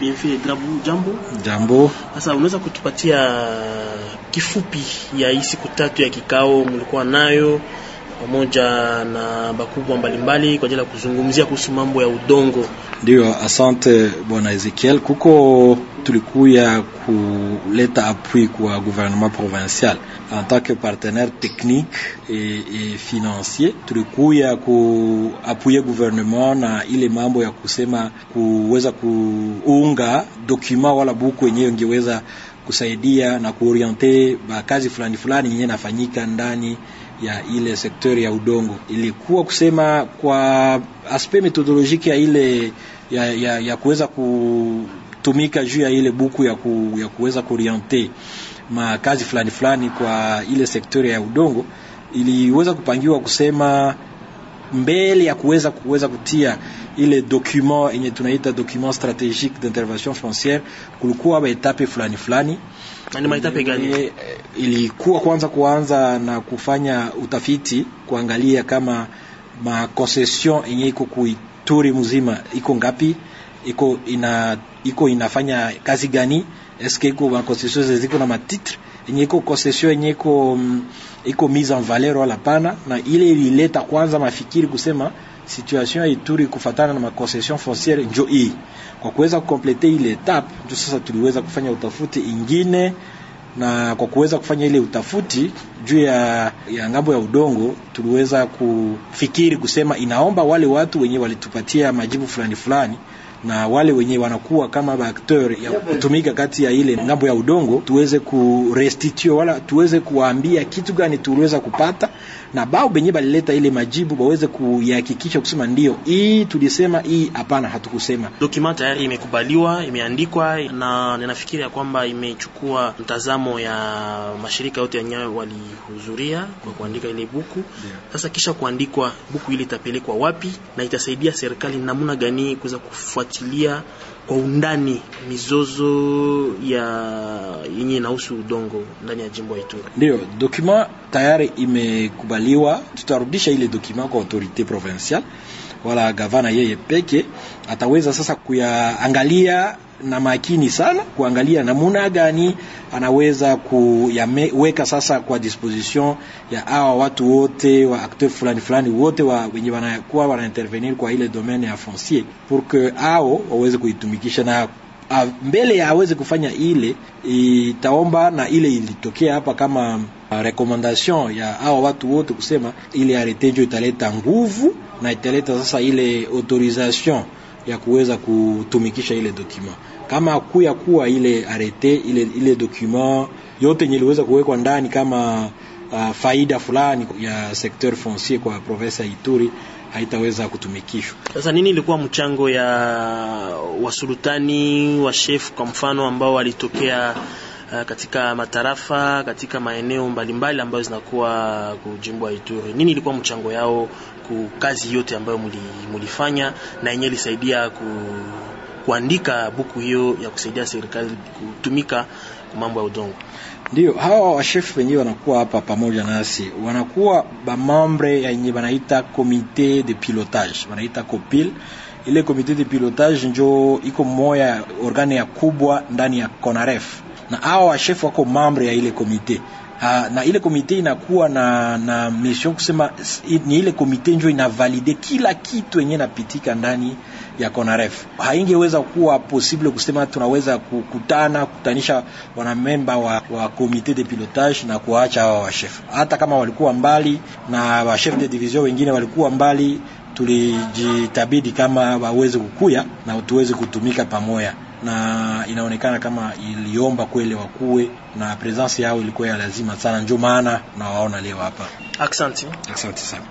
Bienfait Drabu, jambo. Jambo. Sasa unaweza kutupatia kifupi ya hii siku tatu ya kikao mlikuwa nayo pamoja na bakubwa mbalimbali kwa ajili ya kuzungumzia kuhusu mambo ya udongo. Ndio, asante bwana Ezekiel. Kuko tulikuya kuleta appui kwa gouvernement provincial en tant que partenaire technique et, et financier. Tulikuya kuappuye gouvernement na ile mambo ya kusema kuweza kuunga document wala buku yenyewe ingeweza kusaidia na kuoriente bakazi fulani fulani yenye nafanyika ndani ya ile sektori ya udongo ilikuwa kusema kwa aspe metodolojiki ya ile ya, ya, ya kuweza kutumika juu ya ile buku ya, ku, ya kuweza kuoriente makazi fulani fulani kwa ile sekter ya udongo iliweza kupangiwa kusema mbele ya kuweza kuweza kutia ile document yenye tunaita document strategique d'intervention foncière, kulikuwa etape fulani fulani. Na maetape gani? Eh, ilikuwa kwanza kuanza na kufanya utafiti, kuangalia kama concession yenye iko kuituri mzima iko ngapi, iko ina iko inafanya kazi gani, eske iko concession ziko na matitre yenye iko concession yenye iko mm, iko mise en valeur wala pana, na ile ilileta kwanza mafikiri kusema situation ya Ituri kufatana na makoncession fonciere njo hii. Kwa kuweza kukomplete ile etape, ndio sasa tuliweza kufanya utafuti ingine na kwa kuweza kufanya ile utafuti juu ya, ya ngambo ya udongo tuliweza kufikiri kusema inaomba wale watu wenye walitupatia majibu fulani fulani na wale wenye wanakuwa kama baakteur ya kutumika kati ya ile ngambo ya udongo tuweze kurestitio wala tuweze kuwaambia kitu gani tuliweza kupata na bao benye balileta ile majibu baweze kuyahakikisha kusema ndio hii tulisema, hii hapana, hatukusema. Document tayari imekubaliwa, imeandikwa na ninafikiri ya kwamba imechukua mtazamo ya mashirika yote yenyewe walihudhuria kwa kuandika ile buku. Sasa kisha kuandikwa buku ile itapelekwa wapi na itasaidia serikali namna gani kuweza kufuatilia kwa undani mizozo ya yenye inahusu udongo ndani ya jimbo ya Ituri? Ndio document tayari imekubaliwa kukubaliwa, tutarudisha ile dokima kwa autorite provinciale, wala gavana yeye peke ataweza sasa kuyaangalia na makini sana kuangalia namuna gani anaweza kuweka sasa kwa disposition ya hawa watu wote wa acteur fulani fulani wote wa wenye wanakuwa wana intervenir kwa ile domaine ya foncier pour que hao waweze kuitumikisha na a, ah, mbele ya aweze kufanya ile itaomba na ile ilitokea hapa kama Euh, recommandation ya hao watu wote kusema ile arete njo italeta nguvu na italeta sasa ile autorisation ya kuweza kutumikisha ile document kama kuya kuwa ile arete ile, ile document yote yenye iliweza kuwekwa ndani kama uh, faida fulani ya sekteur foncier kwa provensa ya Ituri haitaweza kutumikishwa. Sasa nini ilikuwa mchango ya wasultani wa chef kwa mfano ambao walitokea Eh, katika matarafa, katika maeneo mbalimbali ambayo zinakuwa kujimbo ya Ituri. Nini ilikuwa mchango yao ku kazi yote ambayo mulifanya na yenyewe ilisaidia ku, kuandika buku hiyo ya kusaidia serikali kutumika kwa mambo ya udongo? Ndio, hawa washefu wenyewe wanakuwa hapa pamoja nasi, wanakuwa bamambre yenye wanaita comite de pilotage, wanaita COPIL. Ile comite de pilotage njo iko moya organe ya kubwa ndani ya CONAREF na hao wa chef wako mambre ya ile komite Uh, na ile komite inakuwa na, na mission kusema ni ile komite njo inavalide kila kitu yenye napitika ndani ya CONAREF. Haingeweza kuwa possible kusema tunaweza kukutana kutanisha wanamemba wa, wa komite de pilotage na kuacha hawa washef, hata kama walikuwa mbali na washef de division wengine walikuwa mbali, tulijitabidi kama waweze kukuya na tuweze kutumika pamoja na inaonekana kama iliomba kweli wakuwe na presence yao ilikuwa ya lazima sana, ndio maana nawaona leo hapa. Asante, asante sana.